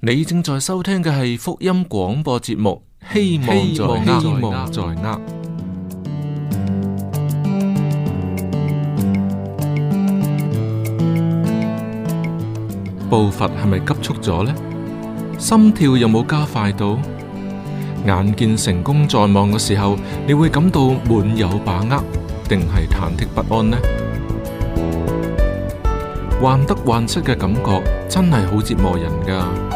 你正在收聽嘅係福音廣播節目，希望在握。步伐係咪急促咗呢？心跳有冇加快到？眼見成功在望嘅時候，你會感到滿有把握，定係忐忑不安呢？患得患失嘅感覺真係好折磨人噶。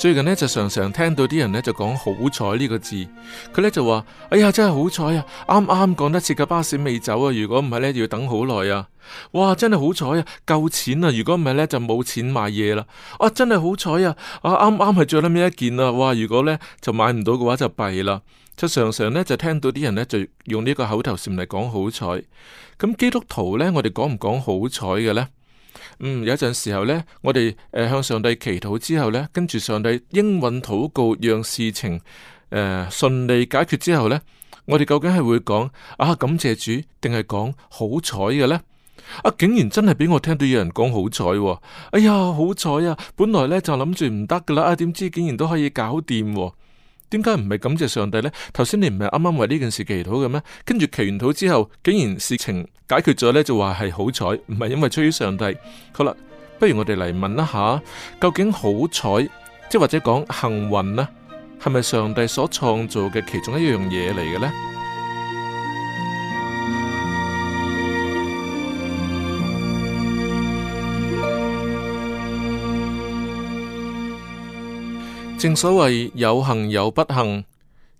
最近呢，就常常聽到啲人呢，就講好彩呢個字，佢呢，就話：哎呀，真係好彩啊！啱啱趕得切架巴士未走啊！如果唔係咧，要等好耐啊！哇，真係好彩啊！夠錢啊！如果唔係呢，就冇錢買嘢啦！啊，真係好彩啊！啊，啱啱係最呢一件啦、啊！哇，如果呢，就買唔到嘅話就弊啦！就常常呢，就聽到啲人呢，就用呢個口頭禪嚟講好彩。咁基督徒呢，我哋講唔講好彩嘅呢？嗯，有一陣時候呢，我哋誒、呃、向上帝祈禱之後呢，跟住上帝應允禱告，讓事情誒順、呃、利解決之後呢，我哋究竟係會講啊感謝主，定係講好彩嘅呢？啊竟然真係俾我聽到有人講好彩，哎呀好彩啊！本來呢就諗住唔得噶啦，點、啊、知竟然都可以搞掂、哦。點解唔係感謝上帝呢？頭先你唔係啱啱為呢件事祈禱嘅咩？跟住祈完禱之後，竟然事情解決咗呢，就話係好彩，唔係因為出於上帝。好啦，不如我哋嚟問一下，究竟好彩，即或者講幸運呢，係咪上帝所創造嘅其中一樣嘢嚟嘅呢？正所謂有幸有不幸，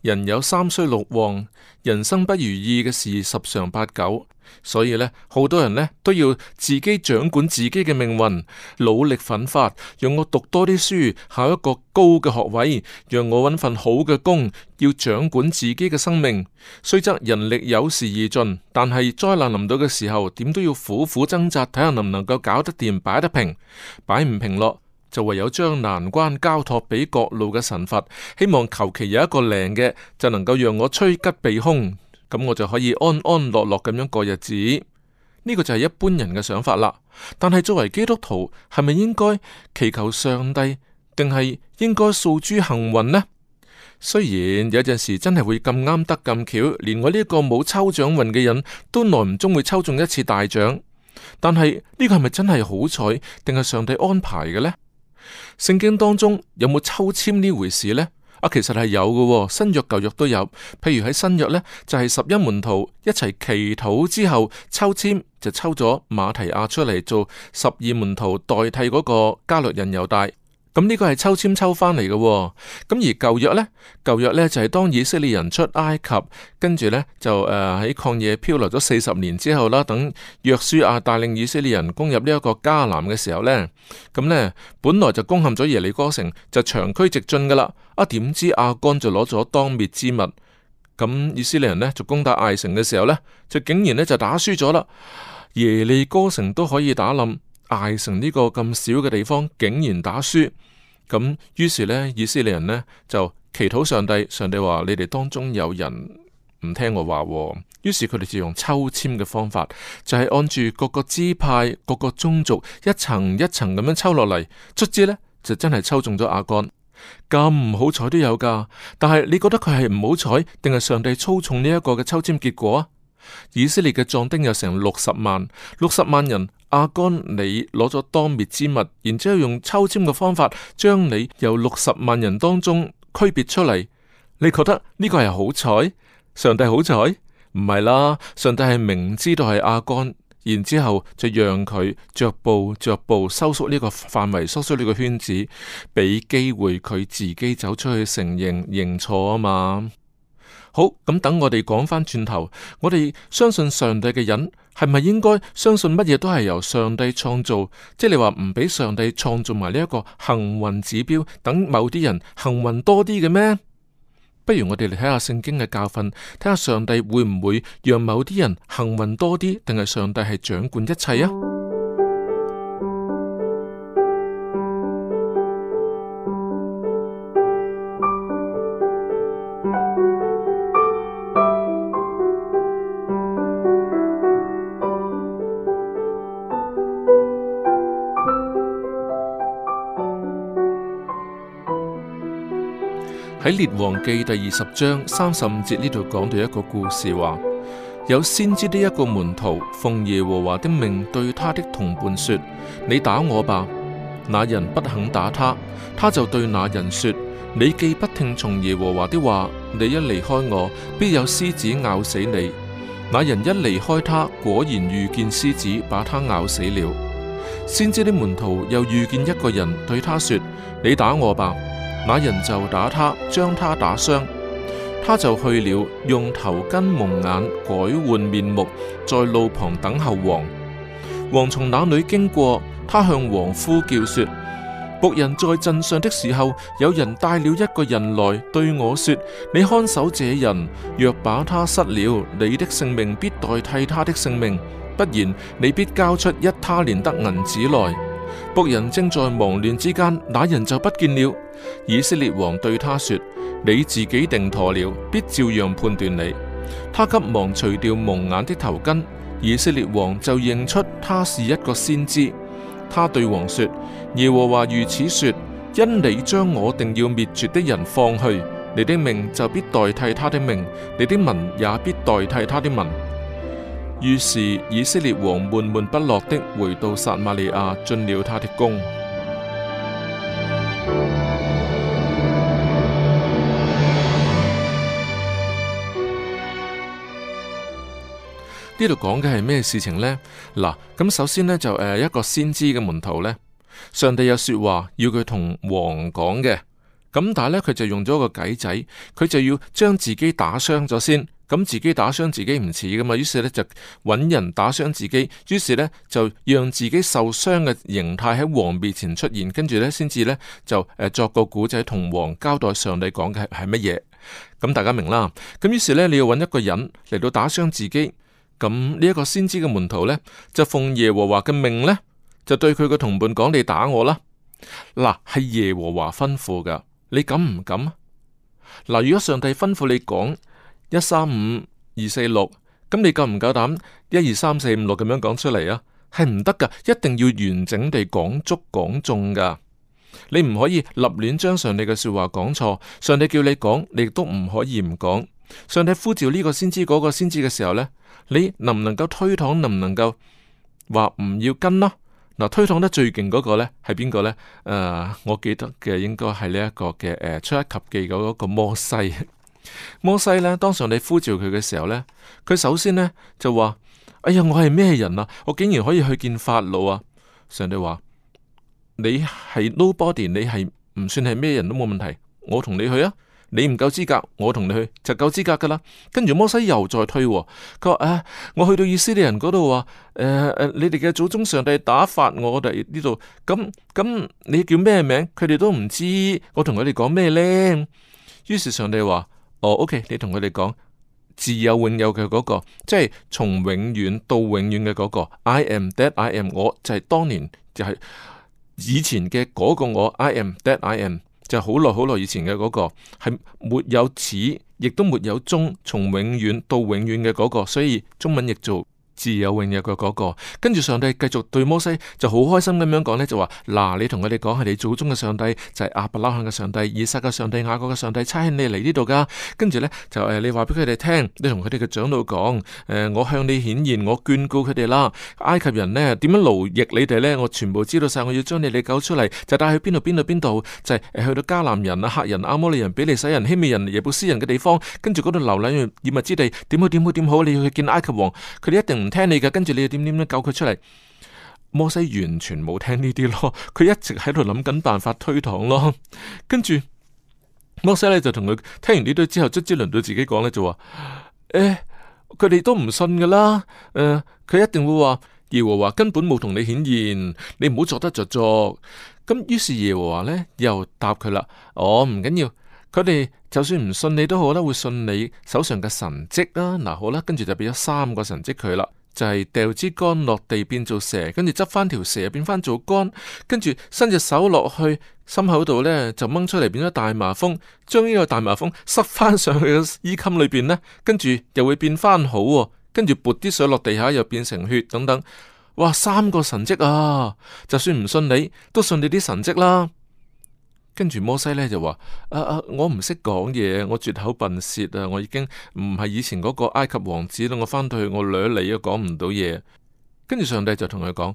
人有三衰六旺，人生不如意嘅事十常八九，所以呢，好多人呢都要自己掌管自己嘅命運，努力奮發，讓我讀多啲書，考一個高嘅學位，讓我搵份好嘅工，要掌管自己嘅生命。雖則人力有時而盡，但係災難臨到嘅時候，點都要苦苦掙扎，睇下能唔能夠搞得掂，擺得平，擺唔平落。就唯有將難關交託俾各路嘅神佛，希望求其有一個靈嘅，就能夠讓我趨吉避凶，咁我就可以安安樂樂咁樣過日子。呢、這個就係一般人嘅想法啦。但係作為基督徒，係咪應該祈求上帝，定係應該訴諸幸運呢？雖然有陣時真係會咁啱得咁巧，連我呢個冇抽獎運嘅人都耐唔中會抽中一次大獎，但係呢、這個係咪真係好彩，定係上帝安排嘅呢？聖經當中有冇抽籤呢回事呢？啊，其實係有嘅，新約舊約都有。譬如喺新約呢，就係十一門徒一齊祈禱之後抽籤，就抽咗馬提亞出嚟做十二門徒代替嗰個加略人猶大。咁呢個係抽籤抽翻嚟嘅，咁而舊約呢，舊約呢就係、是、當以色列人出埃及，跟住呢就誒喺曠野漂流咗四十年之後啦，等約書亞帶領以色列人攻入呢一個迦南嘅時候呢，咁呢本來就攻陷咗耶利哥城，就長驅直進噶啦，啊點知亞干就攞咗當滅之物，咁、嗯、以色列人呢，就攻打艾城嘅時候呢，就竟然呢就打輸咗啦，耶利哥城都可以打冧。艾城呢個咁小嘅地方，竟然打輸，咁於是呢，以色列人呢就祈禱上帝，上帝話你哋當中有人唔聽我話，於是佢哋就用抽籤嘅方法，就係按住各個支派，各個宗族一層一層咁樣抽落嚟，卒之呢，就真係抽中咗亞干，咁唔好彩都有噶，但係你覺得佢係唔好彩，定係上帝操縱呢一個嘅抽籤結果？以色列嘅壯丁有成六十萬，六十萬人，亞干你攞咗當滅之物，然之後用抽簽嘅方法將你由六十萬人當中區別出嚟，你覺得呢個係好彩？上帝好彩？唔係啦，上帝係明知道係亞干，然之後就讓佢逐步逐步收縮呢個範圍，收縮呢個圈子，俾機會佢自己走出去承認認錯啊嘛。好，咁等我哋講翻轉頭，我哋相信上帝嘅人係咪應該相信乜嘢都係由上帝創造？即係你話唔俾上帝創造埋呢一個幸運指標，等某啲人幸運多啲嘅咩？不如我哋嚟睇下聖經嘅教訓，睇下上帝會唔會讓某啲人幸運多啲，定係上帝係掌管一切啊？喺列王記第二十章三十五節呢度講到一個故事，話有先知的一個門徒奉耶和華的命對他的同伴說：你打我吧。那人不肯打他，他就對那人說：你既不聽從耶和華的話，你一離開我，必有獅子咬死你。那人一離開他，果然遇見獅子把他咬死了。先知的門徒又遇見一個人對他說：你打我吧。那人就打他，將他打傷，他就去了，用頭巾蒙眼，改換面目，在路旁等候王。王從那裏經過，他向王呼叫說：僕人在陣上的時候，有人帶了一個人來，對我說：你看守這人，若把他失了，你的性命必代替他的性命，不然，你必交出一他連得銀子來。僕人正在忙亂之間，那人就不見了。以色列王對他說：你自己定妥了，必照樣判斷你。他急忙除掉蒙眼的頭巾，以色列王就認出他是一個先知。他對王說：耶和華如此說：因你將我定要滅絕的人放去，你的命就必代替他的命，你的民也必代替他的民。」於是以色列王悶悶不樂的回到撒瑪利亞，進了他的宮。呢度講嘅係咩事情呢？嗱，咁首先呢，就誒一個先知嘅門徒呢，上帝有說話要佢同王講嘅，咁但係呢，佢就用咗個計仔，佢就要將自己打傷咗先。咁自己打傷自己唔似噶嘛，於是呢，就揾人打傷自己，於是呢，就讓自己受傷嘅形態喺王面前出現，跟住呢，先至呢，就作個古仔同王交代上帝講嘅係乜嘢，咁大家明啦。咁於是呢，你要揾一個人嚟到打傷自己，咁呢一個先知嘅門徒呢，就奉耶和華嘅命呢，就對佢嘅同伴講：你打我啦。嗱，係耶和華吩咐噶，你敢唔敢？嗱，如果上帝吩咐你講。一三五二四六，咁你夠唔夠膽？一二三四五六咁樣講出嚟啊，係唔得噶，一定要完整地講足講盡噶。你唔可以立亂將上帝嘅說話講錯。上帝叫你講，你亦都唔可以唔講。上帝呼召呢個先知，嗰個先知嘅時候呢，你能唔能夠推搪？能唔能夠話唔要跟咯？嗱、啊，推搪得最勁嗰個呢係邊個呢？誒、呃，我記得嘅應該係呢一個嘅誒、呃，出埃及記嗰一個摩西。摩西呢，當上帝呼召佢嘅時候呢，佢首先呢就話：哎呀，我係咩人啊？我竟然可以去見法老啊！上帝話：你係 nobody，你係唔算係咩人都冇問題，我同你去啊！你唔夠資格，我同你去就夠資格噶啦。跟住摩西又再推，啊，佢話：啊，我去到以色列人嗰度話，誒、呃、誒、呃，你哋嘅祖宗上帝打發我哋呢度，咁咁，嗯嗯嗯，你叫咩名？佢哋都唔知，我同佢哋講咩呢？於是上帝話。哦、oh，OK，你同佢哋講自有永有嘅嗰、那個，即係從永遠到永遠嘅嗰、那個，I am that I am，我就係當年就係、是、以前嘅嗰、那個我，I am that I am，就係好耐好耐以前嘅嗰、那個，係沒有始，亦都沒有終，從永遠到永遠嘅嗰、那個，所以中文譯做，自有永有嘅嗰個，跟住上帝繼續對摩西就好開心咁樣講呢，就話嗱，你同佢哋講係你祖宗嘅上帝，就係、是、阿伯拉罕嘅上帝、以撒嘅上帝、雅各嘅上帝差遣你嚟呢度㗎。跟住呢，就誒，你話俾佢哋聽，你同佢哋嘅長老講，誒、呃，我向你顯現，我眷顧佢哋啦。埃及人呢，點樣奴役你哋呢？我全部知道晒，我要將你哋救出嚟，就帶去邊度邊度邊度，就係、是呃、去到迦南人啊、赫人、阿摩利人、比利洗人、希未人、耶布斯人嘅地方，跟住嗰度流奶與蜜之地，點好點好點好，你要去見埃及王，佢哋一定唔。聽你嘅，跟住你又點點點救佢出嚟？摩西完全冇聽呢啲咯，佢一直喺度諗緊辦法推搪咯。跟住摩西咧就同佢聽完呢堆之後，卒之輪到自己講咧，就話：誒、欸，佢哋都唔信噶啦。誒、呃，佢一定會話耶和華根本冇同你顯現，你唔好作得着作。咁於是耶和華咧又答佢啦：哦，唔緊要，佢哋就算唔信你都好啦，會信你手上嘅神蹟啊。嗱，好啦，跟住就俾咗三個神蹟佢啦。就係掉支竿落地變做蛇，跟住執翻條蛇變翻做竿，跟住伸隻手落去心口度咧就掹出嚟，變咗大麻風，將呢個大麻風塞翻上去個衣襟裏邊咧，跟住又會變翻好，跟住撥啲水落地下又變成血等等，哇，三個神蹟啊！就算唔信你，都信你啲神蹟啦。跟住摩西咧就話：啊啊，我唔識講嘢，我絕口笨舌啊！我已經唔係以前嗰個埃及王子啦，我翻到去我兩脷都講唔到嘢。跟住上帝就同佢講：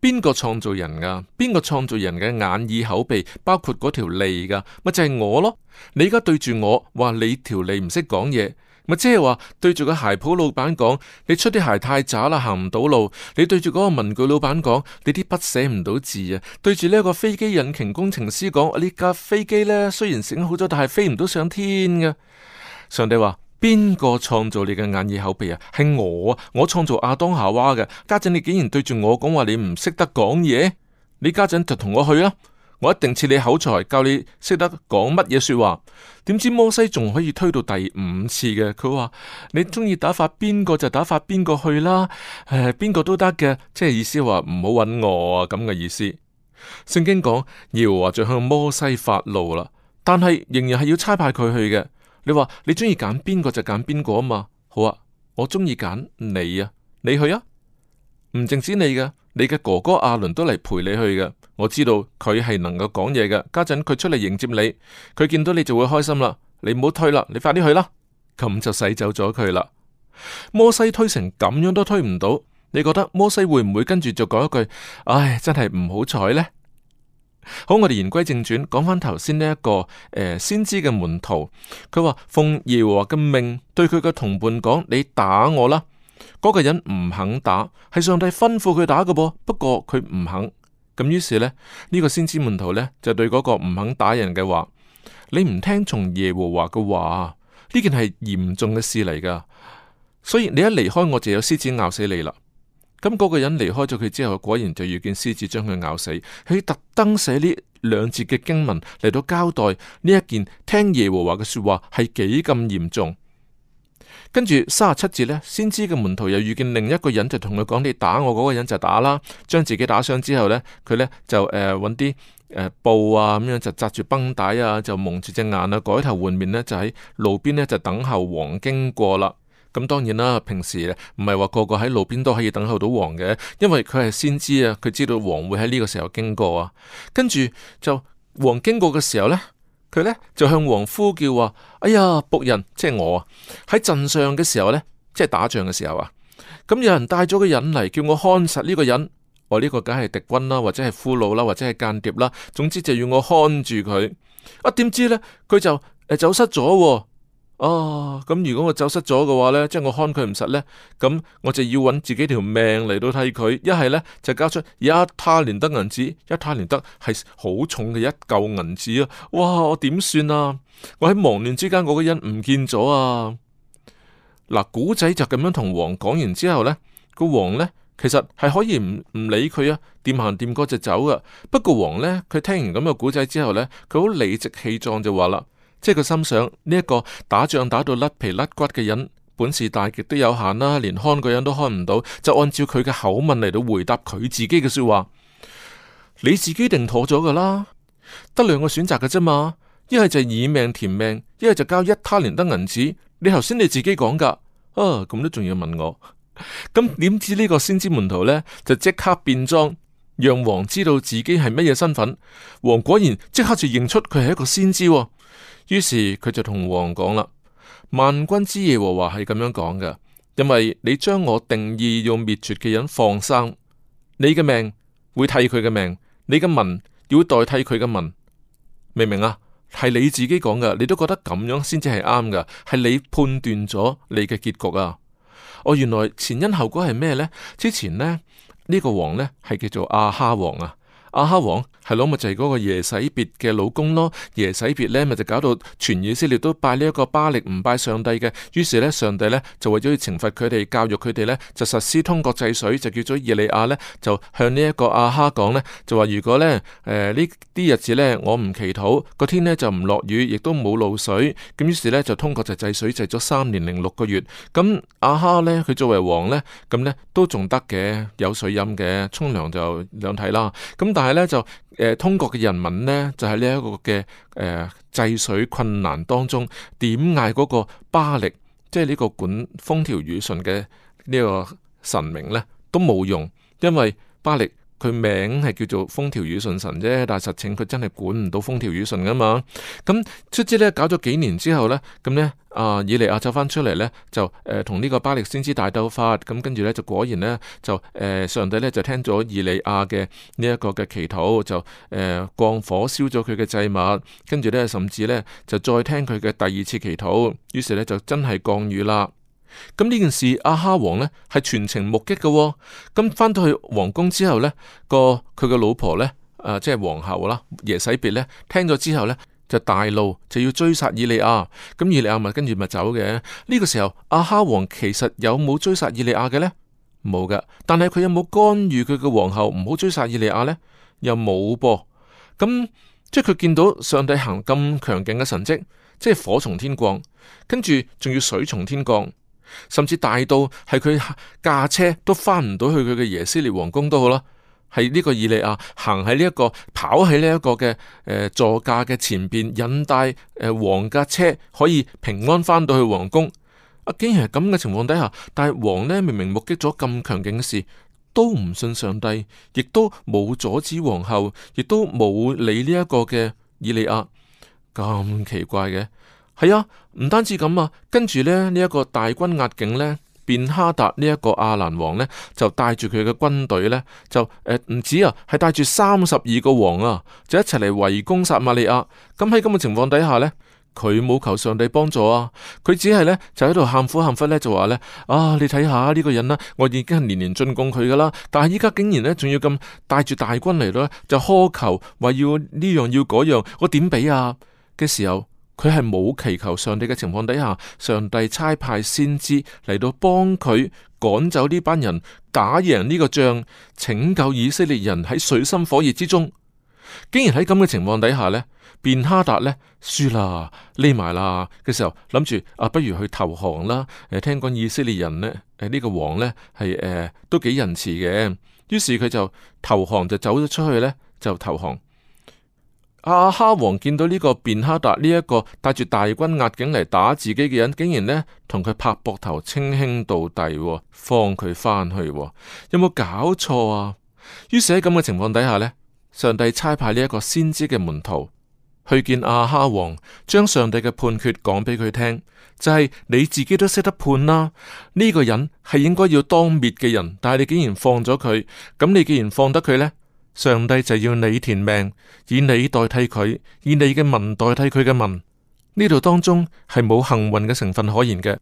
邊個創造人噶？邊個創造人嘅眼耳口鼻，包括嗰條脷噶？咪就係我咯！你而家對住我話你條脷唔識講嘢。我即係話對住個鞋鋪老闆講，你出啲鞋太渣啦，行唔到路。你對住嗰個文具老闆講，你啲筆寫唔到字啊。對住呢個飛機引擎工程師講，呢架飛機呢，雖然醒好咗，但係飛唔到上天嘅。上帝話，邊個創造你嘅眼耳口鼻啊？係我啊！我創造亞當夏娃嘅。家陣你竟然對住我講話，你唔識得講嘢。你家陣就同我去啦。我一定賜你口才，教你識得講乜嘢說話。點知摩西仲可以推到第五次嘅？佢話你中意打發邊個就打發邊個去啦，誒、呃、邊個都得嘅，即係意思話唔好揾我啊，咁嘅意思。聖經講耶和華就向摩西發怒啦，但係仍然係要差派佢去嘅。你話你中意揀邊個就揀邊個啊嘛？好啊，我中意揀你啊，你去啊？唔淨止你嘅，你嘅哥哥阿倫都嚟陪你去嘅。我知道佢係能夠講嘢嘅，家陣佢出嚟，迎接你，佢見到你就會開心啦。你唔好推啦，你快啲去啦，咁就洗走咗佢啦。摩西推成咁樣都推唔到，你覺得摩西會唔會跟住就講一句：唉，真係唔好彩呢。好，我哋言歸正傳，講翻頭先呢一個誒先知嘅門徒，佢話奉耶和華嘅命對佢嘅同伴講：你打我啦。嗰個人唔肯打，係上帝吩咐佢打嘅噃，不過佢唔肯。咁於是呢，呢、這個先知門徒呢，就對嗰個唔肯打人嘅話，你唔聽從耶和華嘅話，呢件係嚴重嘅事嚟㗎。所以你一離開我，就有獅子咬死你啦。咁、那、嗰個人離開咗佢之後，果然就遇見獅子將佢咬死。佢特登寫呢兩節嘅經文嚟到交代呢一件聽耶和華嘅說話係幾咁嚴重。跟住三十七節呢，先知嘅門徒又遇見另一個人，就同佢講：你打我嗰，那個人就打啦，將自己打傷之後呢，佢呢就誒揾啲布啊咁樣就紮住繃帶啊，就蒙住隻眼啊，改頭換面呢，就喺路邊呢，就等候王經過啦。咁、嗯、當然啦，平時唔係話個個喺路邊都可以等候到王嘅，因為佢係先知啊，佢知道王會喺呢個時候經過啊。跟住就王經過嘅時候呢。佢咧就向王呼叫話：哎呀，僕人，即係我啊！喺陣上嘅時候咧，即係打仗嘅時候啊，咁有人帶咗個人嚟，叫我看實呢個人。我、哦、呢、這個梗係敵軍啦，或者係俘虜啦，或者係間諜啦。總之就要我看住佢。啊，點知咧，佢就誒、哎、走失咗啊。啊，咁、哦、如果我走失咗嘅話呢，即係我看佢唔實呢，咁我就要揾自己條命嚟到替佢。一係呢，就交出一他連得銀紙，一他連得係好重嘅一嚿銀紙啊！哇，我點算啊？我喺忙亂之間嗰個人唔見咗啊！嗱，古仔就咁樣同王講完之後呢，個王呢，其實係可以唔唔理佢啊，掂行掂過就走噶。不過王呢，佢聽完咁嘅古仔之後呢，佢好理直氣壯就話啦。即係佢心想呢一個打仗打到甩皮甩骨嘅人本事大極都有限啦，連看個人都看唔到，就按照佢嘅口吻嚟到回答佢自己嘅說話。嗯、你自己定妥咗噶啦，得兩個選擇噶啫嘛，一係就是以命填命，一係就交一他連得銀子。你頭先你自己講噶，啊咁都仲要問我，咁點知呢個先知門徒呢，就即刻變裝，讓王知道自己係乜嘢身份。王果然即刻就認出佢係一個先知、哦。於是佢就同王講啦，萬軍之耶和華係咁樣講嘅，因為你將我定義用滅絕嘅人放生，你嘅命會替佢嘅命，你嘅民要代替佢嘅民，明唔明啊？係你自己講嘅，你都覺得咁樣先至係啱㗎，係你判斷咗你嘅結局啊！我、哦、原來前因後果係咩呢？之前呢，呢、這個王呢，係叫做亞哈王啊。阿哈王係咯，咪就係、是、嗰個耶洗別嘅老公咯。耶洗別咧咪就搞到全以色列都拜呢一個巴力，唔拜上帝嘅。於是咧，上帝咧就為咗要懲罰佢哋，教育佢哋咧就實施通國制水，就叫咗以利亞咧就向呢一個阿哈講咧就話如果咧，誒呢啲、呃、日子咧我唔祈禱個天咧就唔落雨，亦都冇露水。咁於是咧就通國就制水制咗三年零六個月。咁阿哈咧佢作為王咧咁咧都仲得嘅，有水飲嘅，沖涼就兩睇啦。咁但但係咧就，誒、呃，通國嘅人民咧，就喺呢一個嘅，誒、呃，制水困難當中，點嗌嗰個巴力，即係呢個管風調雨順嘅呢個神明咧，都冇用，因為巴力。佢名係叫做風調雨順神啫，但係實情佢真係管唔到風調雨順噶嘛。咁出之咧搞咗幾年之後咧，咁咧啊以利亞走翻出嚟咧，就誒同呢個巴力先知大鬥法，咁跟住咧就果然咧就誒、呃、上帝咧就聽咗以利亞嘅呢一個嘅祈禱，就誒、呃、降火燒咗佢嘅祭物，跟住咧甚至咧就再聽佢嘅第二次祈禱，於是咧就真係降雨啦。咁呢件事，阿哈王呢係全程目擊噶、哦。咁翻到去皇宮之後呢，個佢個老婆呢，誒、呃，即係皇后啦，耶洗別呢，聽咗之後呢，就大怒，就要追殺以利亞。咁以利亞咪跟住咪走嘅呢，呢個時候，阿哈王其實有冇追殺以利亞嘅呢？冇噶，但係佢有冇干預佢個皇后唔好追殺以利亞呢？又冇噃。咁、嗯、即係佢見到上帝行咁強勁嘅神蹟，即係火從天降，跟住仲要水從天降。甚至大到係佢駕車都翻唔到去佢嘅耶斯列皇宮都好啦，係呢個以利亞行喺呢一個跑喺呢一個嘅誒、呃、座駕嘅前邊引帶誒皇家車可以平安翻到去皇宮。啊，竟然係咁嘅情況底下，但係王呢明明目擊咗咁強勁嘅事，都唔信上帝，亦都冇阻止皇后，亦都冇理呢一個嘅以利亞，咁奇怪嘅。係啊，唔單止咁啊，跟住咧呢一、呢個大軍壓境呢，便哈達呢一個亞蘭王呢，就帶住佢嘅軍隊呢，就誒唔、呃、止啊，係帶住三十二個王啊，就一齊嚟圍攻撒瑪利亞。咁喺咁嘅情況底下呢，佢冇求上帝幫助啊，佢只係呢，就喺度喊苦喊忽呢，就話呢：「啊，你睇下呢個人呢、啊，我已經係年年進攻佢噶啦，但係依家竟然呢，仲要咁帶住大軍嚟咯，就苛求話要呢樣要嗰、那、樣、個，我點俾啊嘅時候。佢係冇祈求上帝嘅情況底下，上帝差派先知嚟到幫佢趕走呢班人，打贏呢個仗，拯救以色列人喺水深火熱之中。竟然喺咁嘅情況底下呢，便哈達呢，輸啦，匿埋啦嘅時候，諗住啊，不如去投降啦。誒，聽講以色列人呢，誒、這、呢個王呢，係誒、呃、都幾仁慈嘅，於是佢就投降就走咗出去呢，就投降。阿哈王見到呢個便哈達呢，一個帶住大軍壓境嚟打自己嘅人，竟然呢同佢拍膊頭，稱兄道弟，哦，放佢返去，哦，有冇搞錯啊？於是喺咁嘅情況底下呢，上帝差派呢一個先知嘅門徒去見阿哈王，將上帝嘅判決講俾佢聽，就係、是、你自己都識得判啦，呢、這個人係應該要當滅嘅人，但係你竟然放咗佢，咁你既然放得佢呢？上帝就要你填命，以你代替佢，以你嘅民代替佢嘅民。呢度當中係冇幸運嘅成分可言嘅。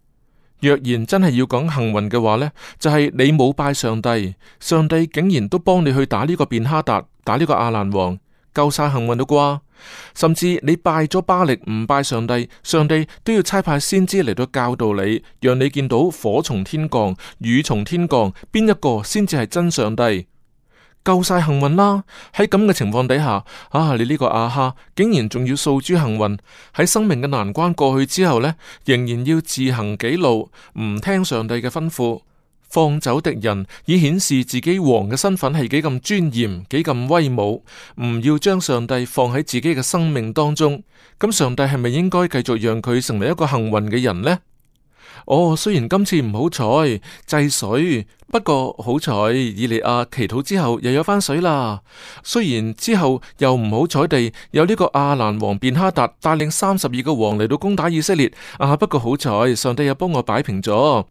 若然真係要講幸運嘅話呢就係、是、你冇拜上帝，上帝竟然都幫你去打呢個便哈達，打呢個亞蘭王，夠晒幸運都啩。甚至你拜咗巴力，唔拜上帝，上帝都要差派先知嚟到教導你，讓你見到火從天降，雨從天降，邊一個先至係真上帝。夠晒幸運啦！喺咁嘅情況底下，啊，你呢個亞哈竟然仲要訴諸幸運，喺生命嘅難關過去之後呢，仍然要自行己路，唔聽上帝嘅吩咐，放走敵人，以顯示自己王嘅身份係幾咁尊嚴、幾咁威武。唔要將上帝放喺自己嘅生命當中，咁上帝係咪應該繼續讓佢成為一個幸運嘅人呢？哦，雖然今次唔好彩，祭水。不過好彩，以利亞祈禱之後又有返水啦。雖然之後又唔好彩地有呢個亞蘭王便哈達帶領三十二個王嚟到攻打以色列。啊，不過好彩，上帝又幫我擺平咗。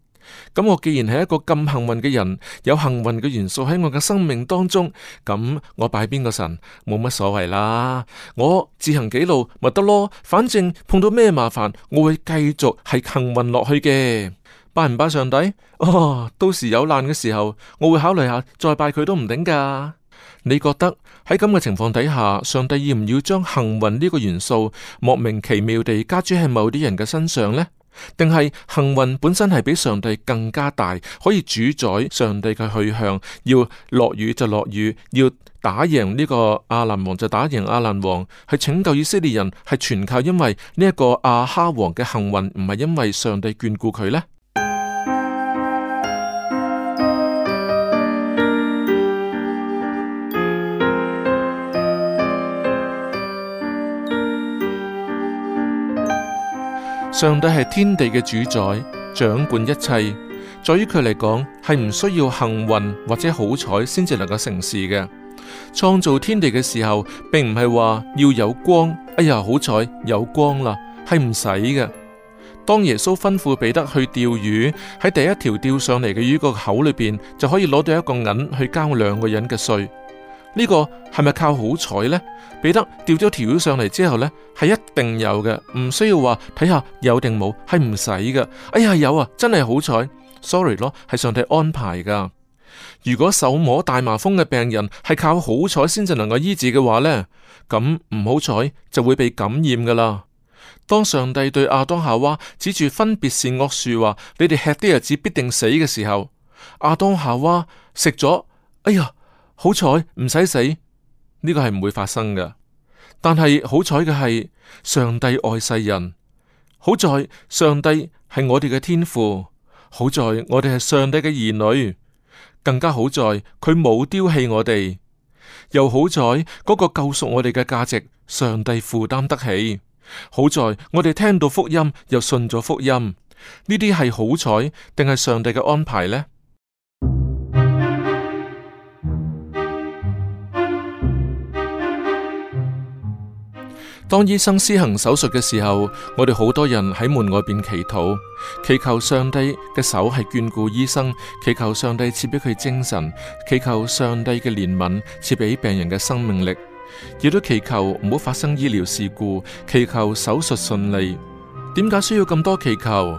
咁我既然係一個咁幸運嘅人，有幸運嘅元素喺我嘅生命當中，咁我拜邊個神冇乜所謂啦。我自行記錄咪得咯，反正碰到咩麻煩，我會繼續係幸運落去嘅。拜唔拜上帝哦？到時有難嘅時候，我會考慮下再拜佢都唔頂噶。你覺得喺咁嘅情況底下，上帝要唔要將幸運呢個元素莫名其妙地加注喺某啲人嘅身上呢？定係幸運本身係比上帝更加大，可以主宰上帝嘅去向？要落雨就落雨，要打贏呢個阿蘭王就打贏阿蘭王，去拯救以色列人係全靠因為呢一個亞哈王嘅幸運，唔係因為上帝眷顧佢呢？上帝係天地嘅主宰，掌管一切。在於佢嚟講，係唔需要幸運或者好彩先至能夠成事嘅。創造天地嘅時候，並唔係話要有光。哎呀，好彩有光啦，係唔使嘅。當耶穌吩咐彼得去釣魚，喺第一條釣上嚟嘅魚個口裏邊就可以攞到一個銀去交兩個人嘅稅。呢個係咪靠好彩呢？彼得掉咗條魚上嚟之後呢，係一定有嘅，唔需要話睇下有定冇，係唔使嘅。哎呀，有啊，真係好彩。Sorry 咯，係上帝安排噶。如果手摸大麻風嘅病人係靠好彩先至能夠醫治嘅話呢，咁唔好彩就會被感染噶啦。當上帝對亞當夏娃指住分別善惡樹話：你哋吃啲日子必定死嘅時候，亞當夏娃食咗，哎呀！好彩唔使死，呢個係唔會發生㗎。但係好彩嘅係上帝愛世人，好在上帝係我哋嘅天父，好在我哋係上帝嘅兒女，更加好在佢冇丟棄我哋，又好在嗰個救贖我哋嘅價值，上帝負擔得起。好在我哋聽到福音又信咗福音，呢啲係好彩定係上帝嘅安排呢？當醫生施行手術嘅時候，我哋好多人喺門外邊祈禱，祈求上帝嘅手係眷顧醫生，祈求上帝賜俾佢精神，祈求上帝嘅憐憫賜俾病人嘅生命力，亦都祈求唔好發生醫療事故，祈求手術順利。點解需要咁多祈求？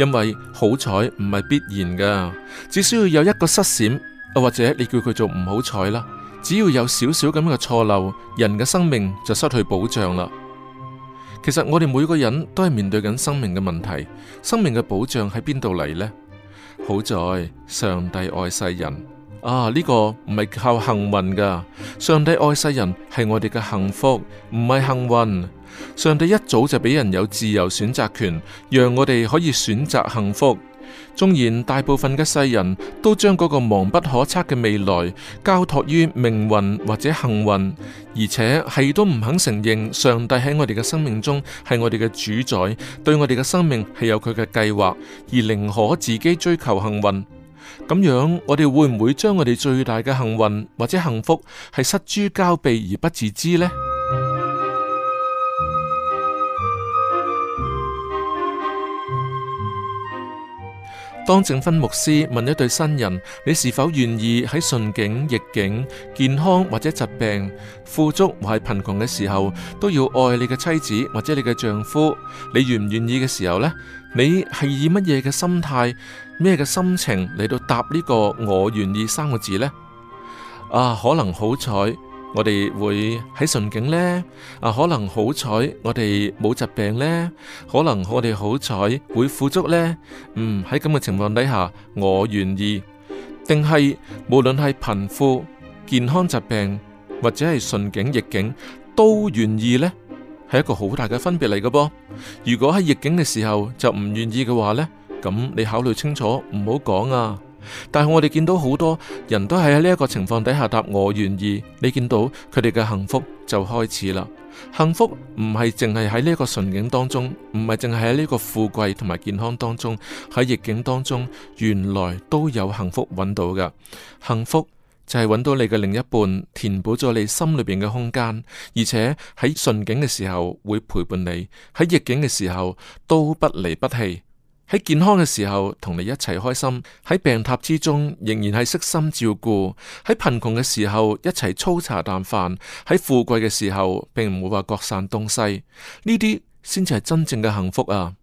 因為好彩唔係必然㗎，只需要有一個失閃，又或者你叫佢做唔好彩啦。只要有少少咁嘅錯漏，人嘅生命就失去保障啦。其實我哋每個人都係面對緊生命嘅問題，生命嘅保障喺邊度嚟呢？好在上帝愛世人啊！呢個唔係靠幸運噶，上帝愛世人係我哋嘅幸福，唔係幸運。上帝一早就俾人有自由選擇權，讓我哋可以選擇幸福。縱然大部分嘅世人都將嗰個茫不可測嘅未來交託於命運或者幸運，而且係都唔肯承認上帝喺我哋嘅生命中係我哋嘅主宰，對我哋嘅生命係有佢嘅計劃，而寧可自己追求幸運。咁樣我哋會唔會將我哋最大嘅幸運或者幸福係失諸交臂而不自知呢？當證婚牧師問一對新人，你是否願意喺順境、逆境，健康或者疾病、富足或係貧窮嘅時候，都要愛你嘅妻子或者你嘅丈夫？你願唔願意嘅時候呢？你係以乜嘢嘅心態、咩嘅心情嚟到答呢個我願意三個字呢？啊，可能好彩。我哋會喺順境呢，啊可能好彩，我哋冇疾病呢，可能我哋好彩會富足呢。嗯，喺咁嘅情況底下，我願意，定係無論係貧富、健康、疾病或者係順境逆境，都願意呢？係一個好大嘅分別嚟嘅噃。如果喺逆境嘅時候就唔願意嘅話呢，咁你考慮清楚，唔好講啊。但係我哋見到好多人都係喺呢一個情況底下答我願意，你見到佢哋嘅幸福就開始啦。幸福唔係淨係喺呢個順境當中，唔係淨係喺呢個富貴同埋健康當中，喺逆境當中原來都有幸福揾到嘅。幸福就係揾到你嘅另一半，填補咗你心裏邊嘅空間，而且喺順境嘅時候會陪伴你，喺逆境嘅時候都不離不棄。喺健康嘅時候同你一齊開心，喺病榻之中仍然係悉心照顧；喺貧窮嘅時候一齊粗茶淡飯，喺富貴嘅時候並唔會話各散東西。呢啲先至係真正嘅幸福啊！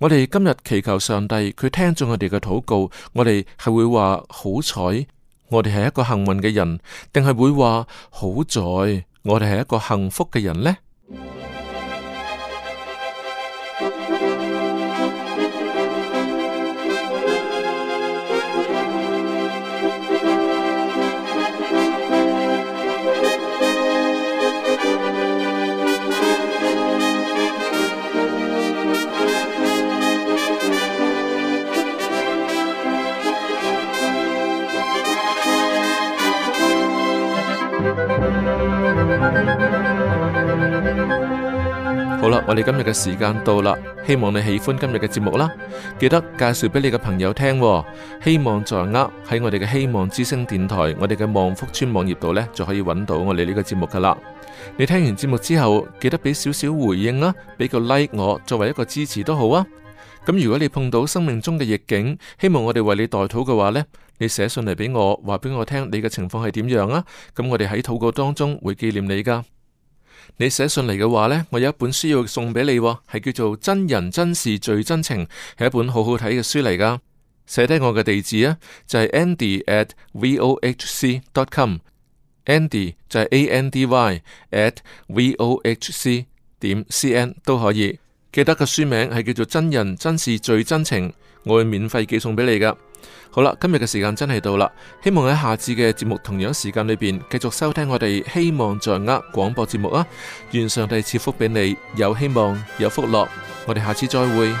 我哋今日祈求上帝，佢聽咗我哋嘅禱告，我哋係會話好彩，我哋係一個幸運嘅人，定係會話好在，我哋係一個幸福嘅人呢？我哋今日嘅時間到啦，希望你喜歡今日嘅節目啦。記得介紹俾你嘅朋友聽。希望在握喺我哋嘅希望之星電台，我哋嘅望福村網頁度呢就可以揾到我哋呢個節目噶啦。你聽完節目之後，記得俾少少回應啦，俾個 like 我作為一個支持都好啊。咁如果你碰到生命中嘅逆境，希望我哋為你代禱嘅話呢，你寫信嚟俾我，話俾我聽你嘅情況係點樣啊。咁我哋喺禱告當中會紀念你噶。你寫信嚟嘅話呢，我有一本書要送俾你，係叫做《真人真事最真情》，係一本好好睇嘅書嚟噶。寫低我嘅地址啊，就係、是、andy@vohc.com，andy 就係 a n d y@v o h c 點 c n 都可以。記得個書名係叫做《真人真事最真情》，我會免費寄送俾你噶。好啦，今日嘅時間真係到啦，希望喺下次嘅節目同樣時間裏邊繼續收聽我哋希望在握廣播節目啊！願上帝賜福俾你，有希望有福樂，我哋下次再會。